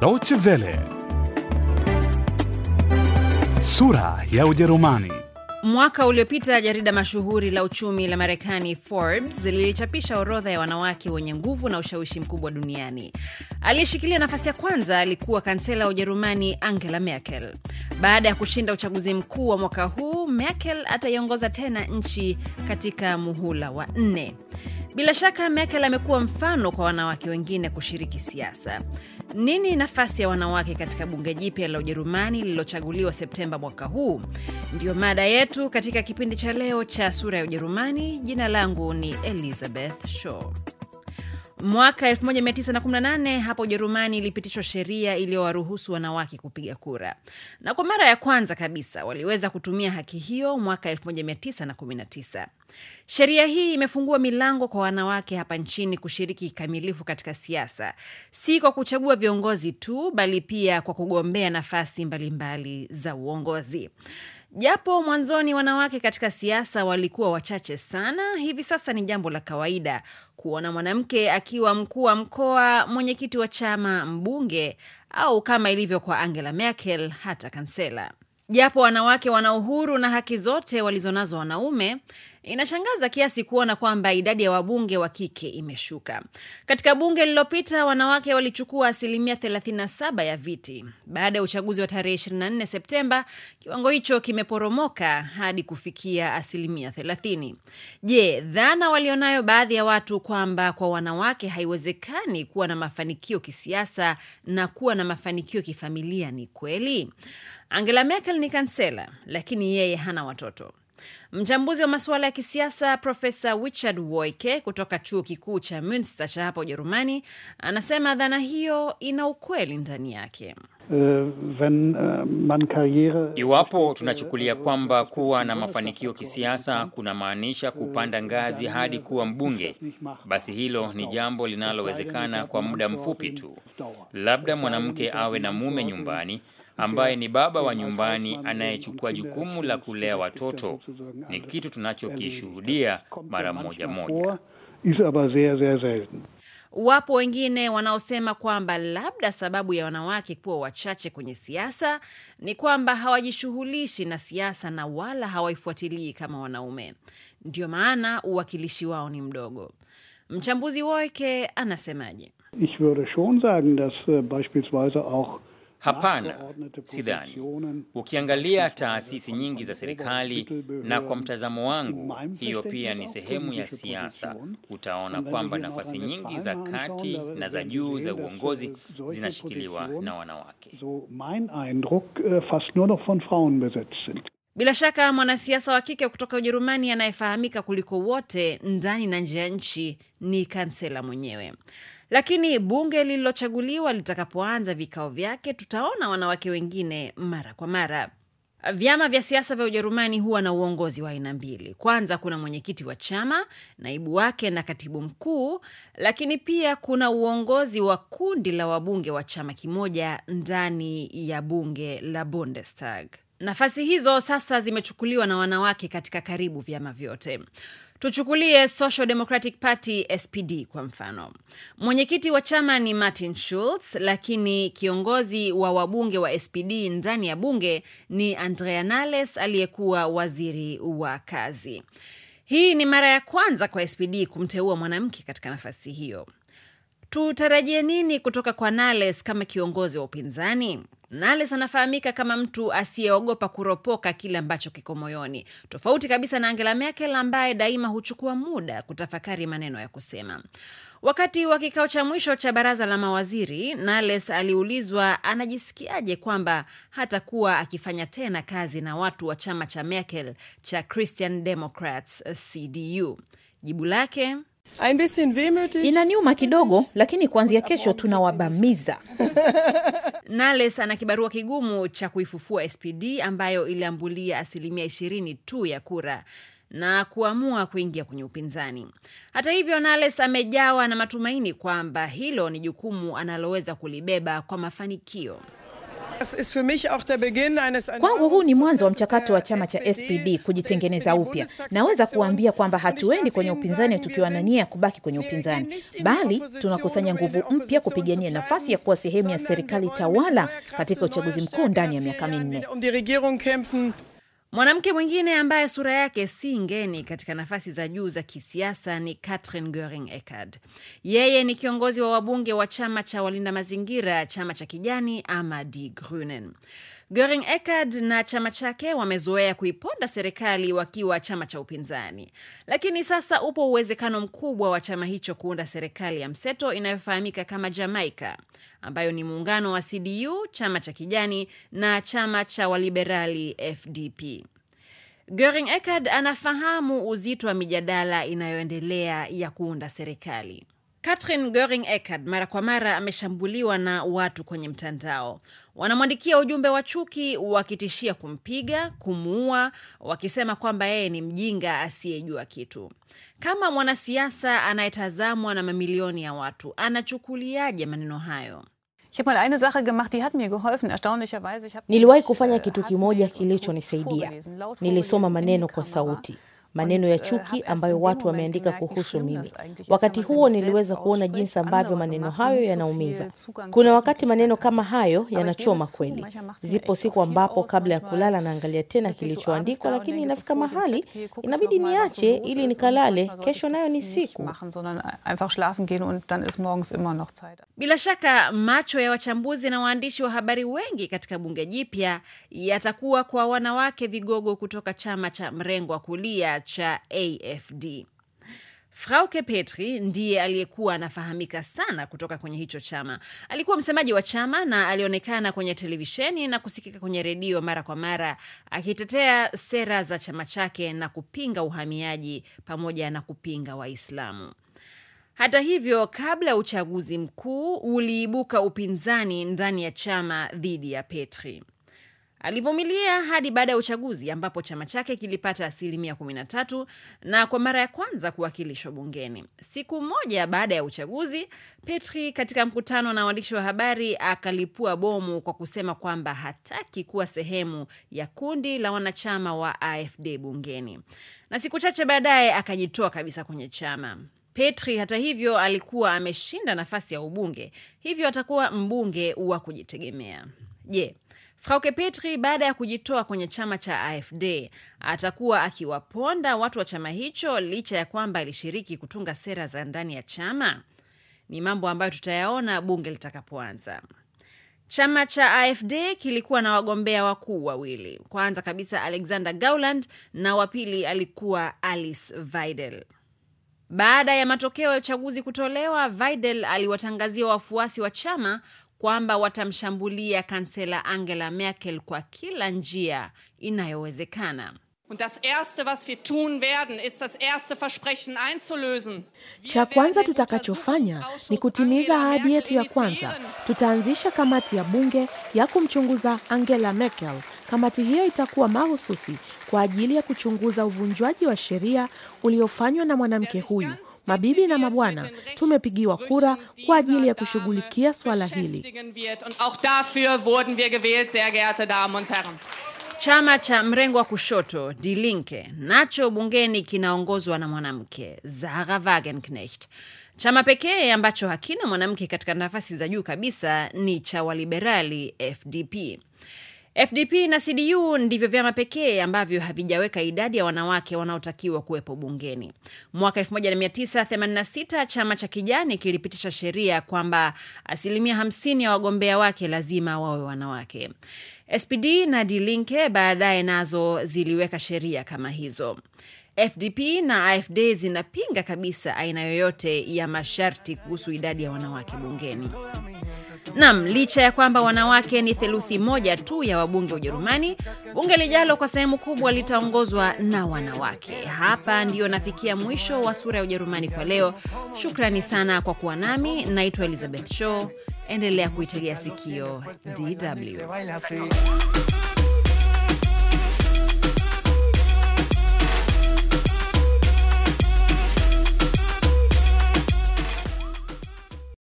Deutsche Welle. Sura ya Ujerumani. Mwaka uliopita jarida mashuhuri la uchumi la Marekani Forbes lilichapisha orodha ya wanawake wenye nguvu na ushawishi mkubwa duniani. Aliyeshikilia nafasi ya kwanza alikuwa kansela wa Ujerumani Angela Merkel. Baada ya kushinda uchaguzi mkuu wa mwaka huu, Merkel ataiongoza tena nchi katika muhula wa nne. Bila shaka Merkel amekuwa mfano kwa wanawake wengine kushiriki siasa. Nini nafasi ya wanawake katika bunge jipya la Ujerumani lililochaguliwa Septemba mwaka huu? Ndiyo mada yetu katika kipindi cha leo cha Sura ya Ujerumani. Jina langu ni Elizabeth Shaw. Mwaka 1918 hapo Ujerumani ilipitishwa sheria iliyowaruhusu wanawake kupiga kura, na kwa mara ya kwanza kabisa waliweza kutumia haki hiyo mwaka 1919. Sheria hii imefungua milango kwa wanawake hapa nchini kushiriki kikamilifu katika siasa, si kwa kuchagua viongozi tu, bali pia kwa kugombea nafasi mbalimbali mbali za uongozi. Japo mwanzoni wanawake katika siasa walikuwa wachache sana, hivi sasa ni jambo la kawaida kuona mwanamke akiwa mkuu wa mkoa, mwenyekiti wa chama, mbunge au kama ilivyo kwa Angela Merkel, hata kansela. Japo wanawake wana uhuru na haki zote walizonazo wanaume, Inashangaza kiasi kuona kwamba idadi ya wabunge wa kike imeshuka. Katika bunge lililopita, wanawake walichukua asilimia 37 ya viti. Baada ya uchaguzi wa tarehe 24 Septemba, kiwango hicho kimeporomoka hadi kufikia asilimia 30. Je, dhana walionayo baadhi ya watu kwamba kwa wanawake haiwezekani kuwa na mafanikio kisiasa na kuwa na mafanikio kifamilia ni kweli? Angela Merkel ni kansela, lakini yeye hana watoto. Mchambuzi wa masuala ya kisiasa Profesa Richard Woike kutoka chuo kikuu cha Münster cha hapa Ujerumani anasema dhana hiyo ina ukweli ndani yake. Eh, eh, Iwapo tunachukulia kwamba kuwa na mafanikio kisiasa kunamaanisha kupanda ngazi hadi kuwa mbunge, basi hilo ni jambo linalowezekana kwa muda mfupi tu. Labda mwanamke awe na mume nyumbani ambaye ni baba wa nyumbani anayechukua jukumu la kulea watoto ni kitu tunachokishuhudia mara moja moja. Wapo wengine wanaosema kwamba labda sababu ya wanawake kuwa wachache kwenye siasa ni kwamba hawajishughulishi na siasa na wala hawaifuatilii kama wanaume, ndio maana uwakilishi wao ni mdogo. Mchambuzi Woike anasemaje? Ich würde schon sagen dass äh, beispielsweise auch Hapana, sidhani. Ukiangalia taasisi nyingi za serikali, na kwa mtazamo wangu, hiyo pia ni sehemu ya siasa, utaona kwamba nafasi nyingi za kati na za juu za uongozi zinashikiliwa na wanawake. Äh, Bila shaka mwanasiasa wa kike kutoka Ujerumani anayefahamika kuliko wote ndani na nje ya nchi ni kansela mwenyewe. Lakini bunge lililochaguliwa litakapoanza vikao vyake, tutaona wanawake wengine mara kwa mara. Vyama vya siasa vya Ujerumani huwa na uongozi wa aina mbili. Kwanza kuna mwenyekiti wa chama, naibu wake na katibu mkuu, lakini pia kuna uongozi wa kundi la wabunge wa chama kimoja ndani ya bunge la Bundestag. Nafasi hizo sasa zimechukuliwa na wanawake katika karibu vyama vyote. Tuchukulie Social Democratic Party SPD kwa mfano. Mwenyekiti wa chama ni Martin Schulz, lakini kiongozi wa wabunge wa SPD ndani ya bunge ni Andrea Nales aliyekuwa waziri wa kazi. Hii ni mara ya kwanza kwa SPD kumteua mwanamke katika nafasi hiyo. Tutarajie nini kutoka kwa Nales kama kiongozi wa upinzani? Nales anafahamika kama mtu asiyeogopa kuropoka kile ambacho kiko moyoni, tofauti kabisa na Angela Merkel ambaye daima huchukua muda kutafakari maneno ya kusema. Wakati wa kikao cha mwisho cha baraza la mawaziri, Nales aliulizwa anajisikiaje kwamba hatakuwa akifanya tena kazi na watu wa chama cha Merkel cha Christian Democrats CDU. Jibu lake Inaniuma kidogo, lakini kuanzia kesho tunawabamiza. Nales ana kibarua kigumu cha kuifufua SPD ambayo iliambulia asilimia ishirini tu ya kura na kuamua kuingia kwenye upinzani. Hata hivyo, Nales amejawa na matumaini kwamba hilo ni jukumu analoweza kulibeba kwa mafanikio. Kwangu huu ni mwanzo wa mchakato wa chama cha SPD kujitengeneza upya. Naweza kuambia kwamba hatuendi kwenye upinzani tukiwa na nia ya kubaki kwenye upinzani, bali tunakusanya nguvu mpya kupigania nafasi ya kuwa sehemu ya serikali tawala katika uchaguzi mkuu ndani ya miaka minne. Um Mwanamke mwingine ambaye sura yake si ngeni katika nafasi za juu za kisiasa ni Katrin Goring Eckardt. Yeye ni kiongozi wa wabunge wa chama cha walinda mazingira, chama cha kijani ama Die Grunen. Goring Eckard na chama chake wamezoea kuiponda serikali wakiwa chama cha upinzani, lakini sasa upo uwezekano mkubwa wa chama hicho kuunda serikali ya mseto inayofahamika kama Jamaika, ambayo ni muungano wa CDU, chama cha kijani na chama cha waliberali FDP. Goring Eckard anafahamu uzito wa mijadala inayoendelea ya kuunda serikali. Katrin Göring Eckardt mara kwa mara ameshambuliwa na watu kwenye mtandao. Wanamwandikia ujumbe wa chuki wakitishia kumpiga, kumuua, wakisema kwamba yeye ni mjinga asiyejua kitu. Kama mwanasiasa anayetazamwa na mamilioni ya watu, anachukuliaje maneno hayo? Niliwahi kufanya äh, kitu kimoja kilichonisaidia. Nilisoma maneno kwa sauti maneno ya uh, chuki ambayo watu wameandika kuhusu mimi. Wakati huo niliweza kuona jinsi ambavyo maneno hayo yanaumiza. Kuna wakati maneno kama hayo yanachoma kweli. Zipo siku ambapo kabla ya kulala naangalia tena kilichoandikwa, lakini inafika mahali inabidi niache ili nikalale. Kesho nayo ni siku. Bila shaka macho ya wachambuzi na waandishi wa habari wengi katika bunge jipya yatakuwa kwa wanawake vigogo kutoka chama cha mrengo wa kulia cha AFD. Frauke Petri ndiye aliyekuwa anafahamika sana kutoka kwenye hicho chama. Alikuwa msemaji wa chama na alionekana kwenye televisheni na kusikika kwenye redio mara kwa mara akitetea sera za chama chake na kupinga uhamiaji pamoja na kupinga Waislamu. Hata hivyo, kabla ya uchaguzi mkuu uliibuka upinzani ndani ya chama dhidi ya Petri. Alivumilia hadi baada ya uchaguzi ambapo chama chake kilipata asilimia 13 na kwa mara ya kwanza kuwakilishwa bungeni. Siku moja baada ya uchaguzi, Petri katika mkutano na waandishi wa habari akalipua bomu kwa kusema kwamba hataki kuwa sehemu ya kundi la wanachama wa AfD bungeni, na siku chache baadaye akajitoa kabisa kwenye chama. Petri hata hivyo alikuwa ameshinda nafasi ya ubunge, hivyo atakuwa mbunge wa kujitegemea. Je, Frauke Petri baada ya kujitoa kwenye chama cha AfD atakuwa akiwaponda watu wa chama hicho licha ya kwamba alishiriki kutunga sera za ndani ya chama. Ni mambo ambayo tutayaona bunge litakapoanza. Chama cha AfD kilikuwa na wagombea wakuu wawili, kwanza kabisa Alexander Gauland na wapili alikuwa Alice videl Baada ya matokeo ya uchaguzi kutolewa, videl aliwatangazia wafuasi wa chama kwamba watamshambulia kansela Angela Merkel kwa kila njia inayowezekana. Und das erste was wir tun werden ist das erste Versprechen einzulösen. Cha kwanza tutakachofanya ni kutimiza ahadi yetu ya kwanza. Tutaanzisha kamati ya bunge ya kumchunguza Angela Merkel. Kamati hiyo itakuwa mahususi kwa ajili ya kuchunguza uvunjwaji wa sheria uliofanywa na mwanamke huyu Mabibi na mabwana, tumepigiwa kura kwa ajili ya kushughulikia swala hili. Chama cha mrengo wa kushoto Die Linke nacho bungeni kinaongozwa na mwanamke Zahra Wagenknecht. Chama pekee ambacho hakina mwanamke katika nafasi za juu kabisa ni cha waliberali FDP. FDP na CDU ndivyo vyama pekee ambavyo havijaweka idadi ya wanawake wanaotakiwa kuwepo bungeni. Mwaka 1986 chama cha Kijani kilipitisha sheria kwamba asilimia 50 ya wagombea wake lazima wawe wanawake. SPD na Die Linke baadaye nazo ziliweka sheria kama hizo. FDP na AfD zinapinga kabisa aina yoyote ya masharti kuhusu idadi ya wanawake bungeni. Nam, licha ya kwamba wanawake ni theluthi moja tu ya wabunge wa Ujerumani, bunge lijalo kwa sehemu kubwa litaongozwa na wanawake. Hapa ndiyo nafikia mwisho wa sura ya Ujerumani kwa leo. Shukrani sana kwa kuwa nami. Naitwa Elizabeth Shaw, endelea kuitegea sikio DW.